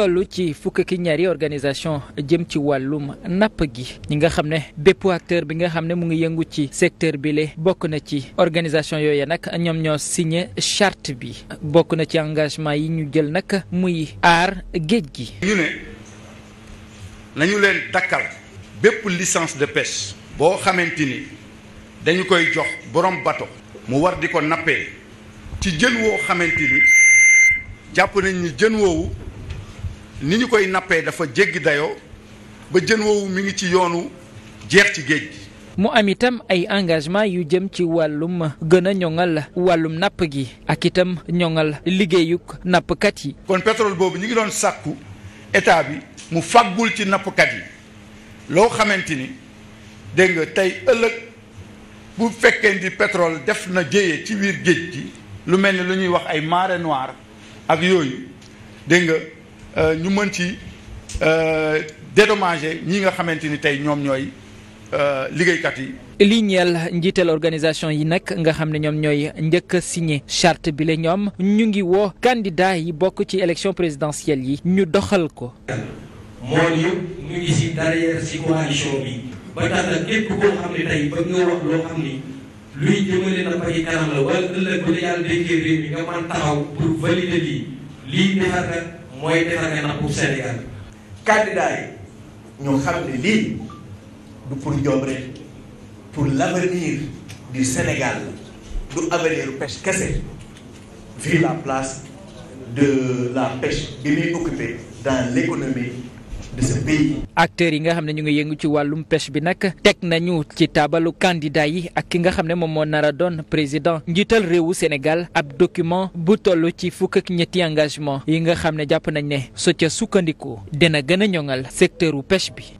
toll ci fukk ki ñaari organisation jëm ci wàllum napp gi ñi nga xam ne bépp acteur bi nga xam ne mu ngi yëngu ci secteur bi bokk na ci organisation yooyu nag ñoom ñoo signé charte bi bokk na ci engagement yi ñu jël nag muy aar géej gi. ñu ne nañu leen dakkal bépp licence de pêche boo xamante ni dañu koy jox borom bato mu war di ko nappee ci jën woo xamante ni jàpp nañ ni jën woowu. ni ñu koy nappee dafa jéggi dayoo ba jën woowu mu ngi ci yoonu jeex ci géej gi. mu am itam ay engagement yu jëm ci wàllum gën a ñoŋal wàllum napp gi ak itam ñoŋal liggéeyuk nappkat yi. kon pétrole boobu ñu ngi doon sàkku état bi mu fàggul ci nappkat yi loo xamante ni dégg nga tey ëllëg bu fekkee ni pétrole def na jéyee ci biir géej gi lu mel ni lu ñuy wax ay marée noire ak yooyu dégg nga. Euh, ñu mën ci euh, dédommager ñi nga xamante ni tey ñoom ñooy euh, liggéeykat yi. li ñeel njiital organisation yi nag nga xam ne ñoom ñooy njëkk a signé charte bi la ñoom ñu ngi woo candidat yi bokk ci élection présidentielle yi ñu doxal ko. mooy ñu ñu ngi si derrière si coalition bi ba tax képp koo xam ne tey bëgg nga wax loo xam ni luy jëmale na ba kanam la wala ëllëg bu la yàlla dénkee nga mën taxaw pour valider lii. lii defar nag mooy defar nga nag pour Sénégal candidat yi xam ne lii du pour Ndiob rek pour l'avenir du Sénégal du avenir pêche kese vu la place de la pêche bi muy occupé dans l'économie de acteurs yi nga xam ne ñu ngi yëngu ci wàllum pêche bi nag teg nañu ci taabalu candidat yi ak ki nga xam ne moom moo nar a doon président njiital réewu Sénégal ab document bu toll ci fukk ak ñetti engagement yi nga xam ne jàpp nañu ne so ca sukkandiku dina gën a ñoŋal secteur u pêche bi.